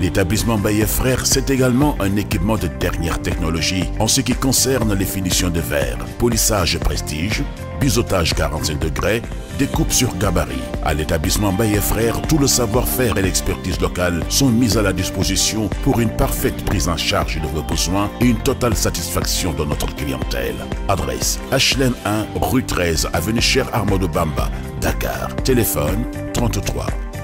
L'établissement Baye Frères, c'est également un équipement de dernière technologie en ce qui concerne les finitions de verre, polissage prestige, biseautage 45 degrés, découpe sur gabarit. À l'établissement Baye Frères, tout le savoir-faire et l'expertise locale sont mis à la disposition pour une parfaite prise en charge de vos besoins et une totale satisfaction de notre clientèle. Adresse HLM 1, rue 13, avenue Cheikh Amadou Bamba, Dakar. Téléphone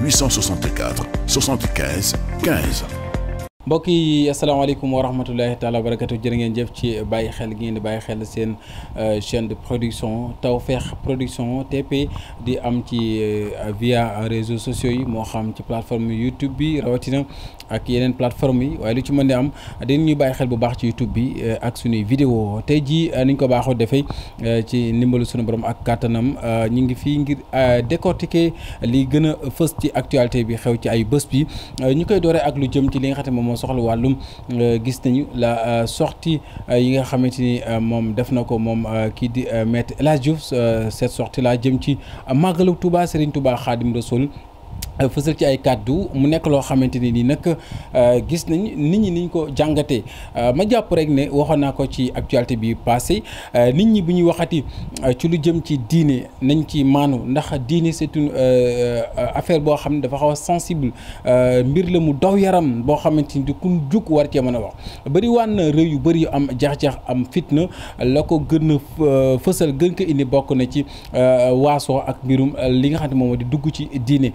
864 75 15. mbokk yi asalaamaaleykum wa rahmatullahi taala wa barakatu jërë ngeen jëf ci bàyyi xel gi ngeen di bàyyi xel seen euh, chaîne de production Tawfekh production TP di am ci euh, via réseaux sociaux yi moo xam ci plateforme YouTube bi rawatina ak yeneen plateforme yi waaye lu ci mën di am dinañ ñu bàyyi xel bu baax ci YouTube bi euh, ak suñuy vidéo tey jii niñ ko baaxoo defee ci ndimbalu sunu borom ak kàttanam ñu ngi fii ngir décortiquer li gën a fës ci actualité bi xew ci ay bés bi ñu koy dooree moo soxla wàllum euh, gis nañu la euh, sortie euh, yi nga xamante ni moom def na ko moom kii di Maître El Hadji Diouf cette sortie la jëm ci màggalu Touba Serigne Touba Khadim Rasoul Euh, fësal ci ay kàddu mu nekk loo xamante ne nii nag euh, gis nañ nit ñi niñ ko jàngatee euh, ma jàpp rek ne waxoon naa ko ci actualité bi passé nit ñi bu ñuy waxati ci lu jëm ci diine nañ ci maanu ndax diine c'est une affaire boo xam ne dafa xaw a sensible mbir la mu daw yaram boo xamante ni ku jug war cee mën a wax bëri waan na réew yu bëri am jax-jax am fitna la ko gën a fësal gën ko indi bokk na ci waasoo ak mbirum li nga xam ne moom di dugg ci diine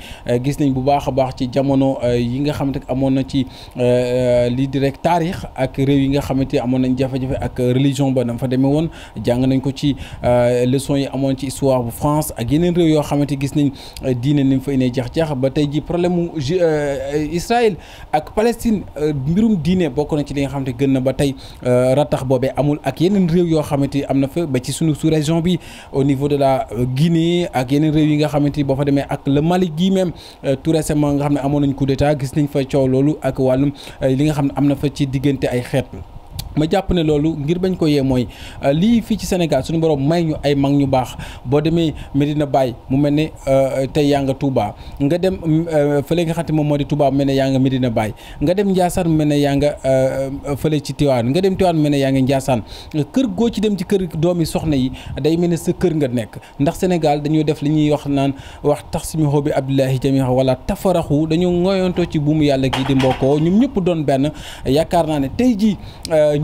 gis nañ bu baax a baax ci jamono euh, yi nga xamante amoon na ci euh, euh, lii di rek taarix ak réew yi nga xamante amoon nañ jafe-jafe ak religion ba na fa demee woon jàng nañ ko ci leçon yi amoon ci histoire bu France ak yeneen réew yoo xamante gis nañ diine ni mu fa inee jax ba tey ji problème mu Israël ak Palestine mbirum diine bokk na ci li nga xamante gën na ba tey ratax boobee amul ak yeneen réew yoo xamante am na fa ba ci sunu sous région bi au niveau de la Guinée ak yeneen réew yi nga xamante boo fa demee ak le Mali gi même Euh, tout récemment nga xam ne amoon nañ coup d'état gis nañ fa coow loolu ak wàllum euh, li nga xam ne am na fa ci diggante ay xeet ma jàpp ne loolu ngir bañ ko yee mooy euh, lii fii ci Sénégal suñu borom may ñu ay mag ñu baax boo demee Medina baay mu mel ne euh, tey yaa nga Touba nga dem euh, fële nga xam te moom moo di Touba mel ne yaa nga Medina Baye nga dem Ndiassane mu mel ne yaa nga fële ci Tivaouane nga dem Tivaouane mu mel ne yaa nga Ndiassane kër goo ci dem ci kër doomi soxna yi day mel ni sa kër nga nekk ndax Sénégal dañuy def li ñuy wax naan wax tax simi xoo bi Abdullahi jamiha wala tafaraxu dañu ngoyantoo ci buumu yàlla gi di mbokkoo ñoom ñëpp doon benn yaakaar naa ne tey jii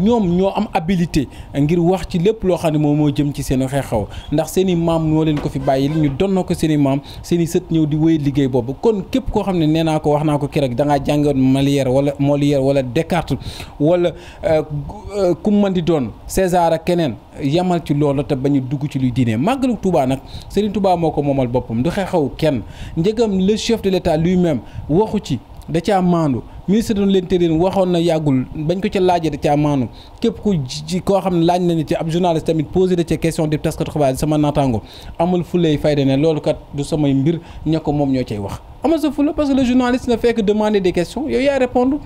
ñoom ñoo am abilité ngir wax ci lépp loo xam ne moom moo jëm ci seen xew-xew ndax seen i maam ñoo leen ko fi bàyyil ñu donnoo ko seen i maam seen i sët ñëw di wéy liggéey boobu kon képp koo xam ne nee naa ko wax naa ko keroog da ngaa jàngoon Molière wala Molière wala Descartes wala euh, euh, ku mën di doon César keneen yamal ci loolu te ba ñu dugg ci luy diine màggalu Touba nag Serigne tubaa moo ko moomal boppam du xew kenn njegam le chef de l'État luy même waxu ci da caa maandu ministre de l'intérieur waxoon na yàggul bañ ko ca laajee da caa maandu képp ku ji koo xam ne laaj na ni ci ab journaliste tamit posé da ca question di taskatu xibaar yi sama naataango amul fulay fayda ne loolu kat du samay mbir ña ko moom ñoo cay wax. amal sa fula parce que le na fekk demande des questions yow yaay répondre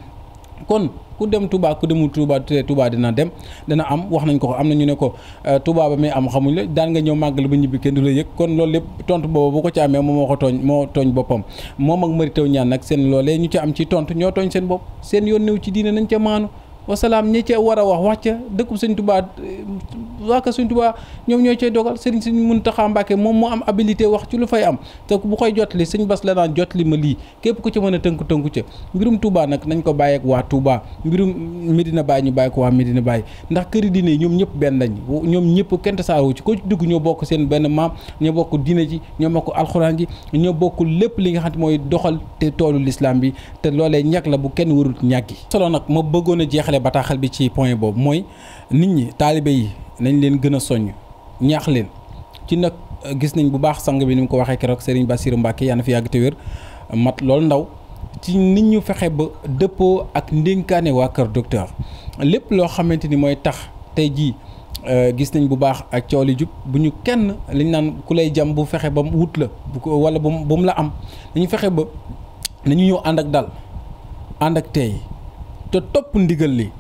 kon ku dem Touba ku demul Touba te Touba dina dem dana am wax nañ ko ko am na ñu ne ko euh, Touba ba muy am xamuñ la daan nga ñëw màggal ba ñibbi kenn du la yëg kon loolu lépp tontu boobu bu ko ci amee moom moo ko tooñ moo tooñ boppam moom ak mari taw ñaan nag seen loolee ñu ci am ci tontu ñoo tooñ seen bopp seen yoon néew ci diine nañ ca maanu wasalaam ñi ca war a wax wax ca dëkkub sëñ Touba waa ka suñ Tuubaa ñoom ñoo cay dogal sëriñ Sëriñ Muntaxa Mbàkke moom moo am habilité wax ci lu fay am te bu koy jotli sëñ Bas la naan jotli ma lii képp ku ci mën a tënku tënku ca mbirum Touba nag nañ ko bàyyeek waa Touba mbirum Medina Baye ñu bàyyi ko waa Medina Baye ndax këri yi ñoom ñëpp benn lañ ñoom ñëpp kenn tasaaru ci ko ci dugg ñoo bokk seen benn maam ñoo bokk dina ji ñoo bokk alxuraan ji ñoo bokkul lépp li nga xam mooy doxal te toolu l'islam bi te loolee ñàkk la bu kenn warul ñàkki solo nag ma bëggoon a jeexale bataaxal bi ci point boobu mooy nit ñi taalibe yi nañ leen gën a soññ ñaax leen ci nag euh, gis nañ bu baax sang bi ni mu ko waxee keroog Serigne Bassirou Mbacke yaa na fi yàgg te mat loolu ndaw ci nit ñu fexe ba dëppoo ak ndénkaane waa kër docteur lépp loo xamante ni mooy tax tey jii euh, gis nañ bu baax ak coow li jub bu ñu kenn liñ naan ku lay jam bu fexe ba mu wut la bu ko wala bu mu la am dañu fexe ba nañu ñëw ànd ak dal ànd ak tey te topp ndigal li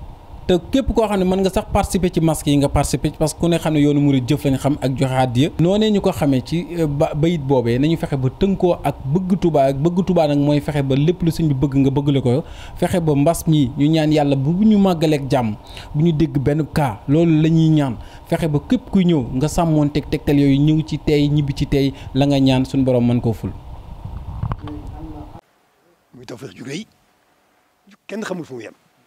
te képp koo xam ne mën nga sax participer ci masque yi nga participer parce que ku ne xam ne yoonu murid jëf lañ xam ak joxe àddiya noonee ñu ko xamee ci euh, ba bayit boobee nañu fexe ba tënkoo ak bëgg Tuubaa ak bëgg tubaa nag mooy fexe ba lépp lu sëñ bi bëgg nga bëgg la ko fexe ba mbas mi ñu ñaan yàlla bu ñu màggaleeg jàmm bu ñu dégg benn kaa loolu la ñuy ñaan fexe ba képp kuy ñëw nga sàmmoon teg tegtal yooyu ñëw ci tey ñibbi ci tey la nga ñaan suñ borom mën koo ful. muy kenn xamul fu mu